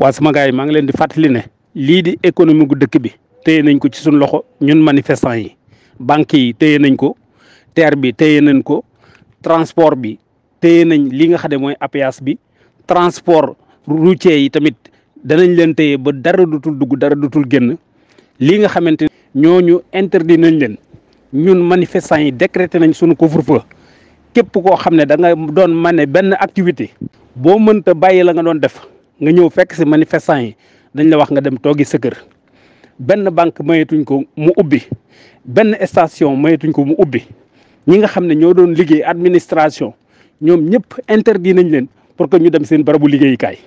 waa sama gars yi maa ngi leen di fàttali ne lii di économie gu dëkk bi téye nañ ko ci suñu loxo ñun manifestant yi banque yi téye nañ ko terre bi téye nañ ko transport bi téye nañ li nga xam ne mooy APS bi transport routier yi tamit danañ leen téye ba dara dutul dugg dara dutul génn lii nga xamante ñooñu interdit nañ leen ñun manifestant yi décrété nañ suñu couvre-feu képp koo xam ne da nga doon mane benn activité boo mën mënta bàyyi la nga doon def nga ñëw fekk si manifestant yi dañ la wax nga dem toogi sa kër benn banque mayeetuñ ko mu ubbi benn station mayetuñ ko mu ubbi ñi nga xam ne ñoo doon liggéey administration ñoom ñëpp interdit nañ leen pour que ñu dem seen barabu liggéeyukaay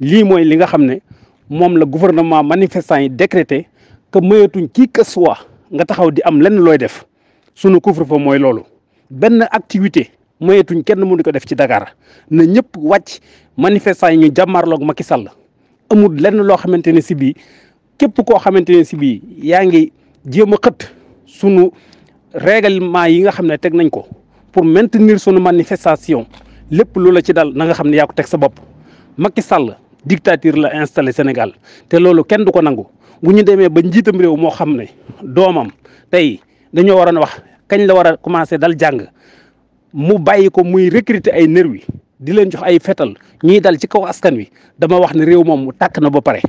lii mooy li nga xam ne moom la gouvernement manifestant yi décrété que mayeetuñ kii que soit nga taxaw di am lenn looy def sunu couvre-feu mooy loolu benn activité moyetuñ kenn mënu ko def ci Dakar na ñëpp wàcc manifestant yi ñu jàmmarloog Macky Sall amul lenn loo xamante ne si bii képp koo xamante ne si bii yaa ngi jéem a xët sunu règlement yi nga xam ne teg nañ ko pour maintenir sunu manifestation lépp lu la ci dal na nga xam ne yaa ko teg sa bopp Macky Sall dictature la installé Sénégal te loolu kenn du ko nangu bu ñu demee ba njiitam réew moo xam ne doomam tey dañoo waroon wax kañ la war a commencé dal jàng mu bàyyi ko muy recruter ay nervi di leen jox ay fetal ñuy dal ci kaw askan wi dama wax ne réew moom mu tàkk na ba pare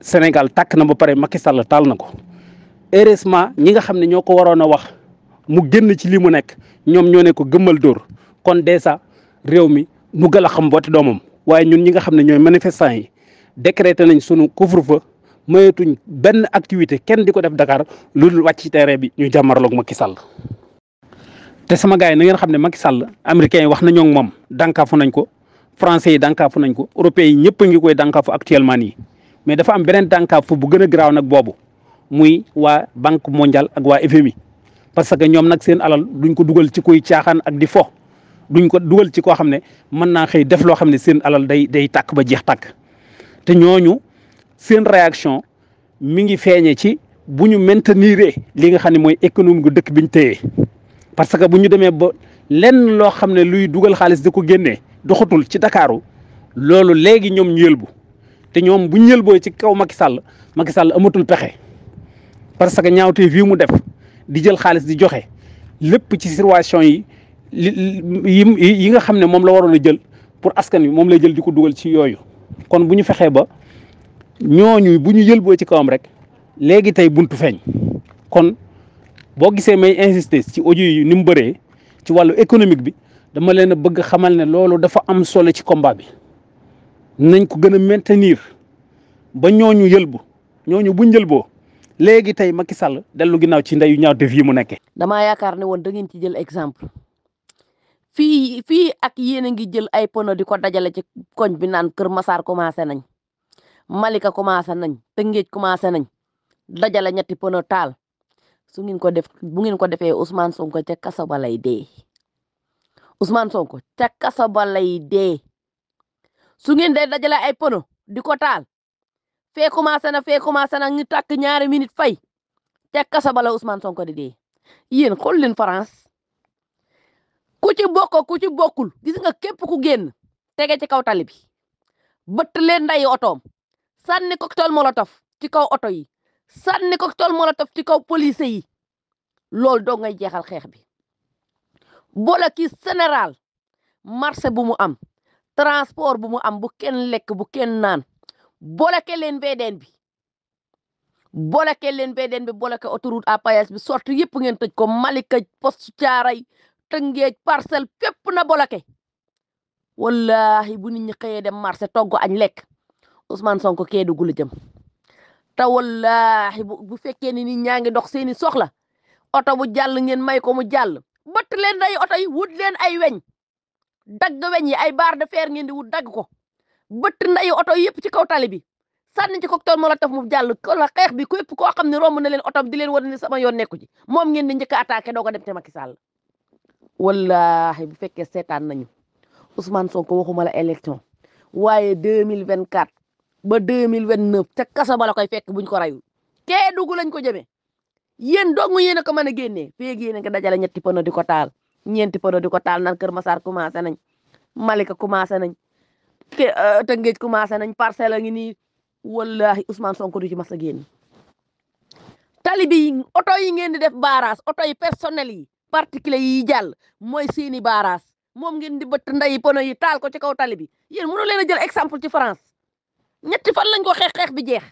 Sénégal tàkk na ba pare Macky Sall taal na ko heureusement ñi nga xam ne ñoo ko waroon a wax mu génn ci li mu nekk ñoom ñoo ne ko gëmmal dóor kon dèjà réew mi mu gën a xam booti doomam waaye ñun ñi nga xam ne ñooy manifestant yi décrété nañ sunu couvre-feu mayetuñ benn activité kenn di ko def Dakar lu dul wàcc ci terrain bi ñu jàmmarloog Macky Sall te sama gars yi na ngeen xam ne Macky Sall américains yi wax nañoo ak moom dànkaafu nañ ko français yi dànkaafu nañ ko européens yi ñëpp a ngi koy dànkaafu actuellement nii mais dafa am beneen dànkaafu bu gën a garaaw nag boobu muy waa banque mondiale ak waa FMI parce que ñoom nag seen alal duñ ko dugal ci koy caaxaan ak di fo duñ ko dugal ci koo xam ne mën naa xëy def loo xam ne seen alal day day tàkk ba jeex tàkk te ñooñu seen réaction mi ngi feeñee ci bu ñu maintenir li nga xam ne mooy économie gu dëkk biñ téye parce que bu ñu demee ba lenn loo xam ne luy dugal xaalis di ko génnee doxatul ci Dakaaru loolu léegi ñoom ñu yëlbu te ñoom bu ñu yëlboo ci kaw Macky Sall Macky Sall amatul pexe parce que ñaawtee fii mu def di jël xaalis di joxe lépp ci situation yi yi yi nga xam ne moom la waroon a jël pour askan wi moom lay jël di ko dugal ci yooyu kon bu ñu fexee ba ñooñu bu ñu yëlboo ci kawam rek léegi tey buntu feeñ kon boo gisee may insister ci audio yi ni mu bëree ci wàllu économique bi dama leen a bëgg xamal ne loolu dafa am solo ci combat bi nañ ko gën a maintenir ba ñooñu yëlbu ñooñu buñ yëlboo léegi tey Macky Sall dellu gi naaw ci ndeyu ñaaw def yi mu nekkee. damaa yaakaar ne woon da ngeen ci jël exemple fii fii ak yéen a ngi jël ay pono di ko dajale ci koñ bi naan Kër masaar commencé nañ Malika commencé nañ Tëngéej commencé nañ dajale ñetti pono taal. su ngeen ko def bu ngeen ko defee Ousmane Sonko ca kaso ba lay dee Ousmane Sonko ca kaso ba lay dee su ngeen day dajale ay pono di ko taal fee commencé na fee commencé na ñu tàkk ñaari minute fay ca kaso ba la Ousmane Sonko di dee yéen xool leen France ku ci bokk ku ci bokkul gis nga képp ku génn tege ci kaw tali bi bëtt leen nday otoom sànni cocktail molotov ci kaw oto yi ko cocktail molotov ci kaw police yi loolu doo ngay jeexal xeex bi boole ki général marché bu mu am transport bu mu am bu kenn lekk bu kenn naan boleke leen VDN bi boleke be den bi boleke autoroute à péage bi sorti yëpp ngeen tëj ko Malika poste Thiaroye Tëngéej parcelle fépp na boleke wallahi bu nit ñi xëyee dem marché togg añ lekk Ousmane Sonko Kédougou la jëm te wallaahi bu fekke fekkee ni nit ñaa ngi dox seeni soxla oto bu jàll ngeen may ko mu jàll bëtt leen ay oto yi wut leen ay weñ dagg weñ yi ay barre de fer ngeen di wut dagg ko bëtt nday oto yëpp ci kaw tali bi sànni ci mala molotov mu jàll la xeex bi képp koo xam ne romb na leen oto di leen war ne sama yoon nekku ci moom ngeen di njëkk a attaqué doo ko dem te Macky Sall wallaahi bu fekkee seetaan nañu Ousmane Sonko ko la élection waaye deux mille vingt quatre ba deux mille vingt neuf te kasa ba koy fekk buñ ko rayul kee dugg lañ ko jëmee yéen dong yéen a ko mën a génnee feeg yéen a ko dajale ñetti pono di ko taal ñeenti pono di ko taal nan Kër Masaar commencé nañ Malika commencé nañ euh, Tëngéej commencé nañ parcelle a ngi nii wallahi Ousmane Sonko di ci mas a génn tali bi oto yi ngeen di def baaraas oto yi personnel yi particulier yi jàll mooy seeni baaraas moom ngeen di bëtt nday pono yi taal ko ci kaw tali bi yéen mënu leen a exemple ci France ñetti fan lañ ko xeex xeex bi jeex.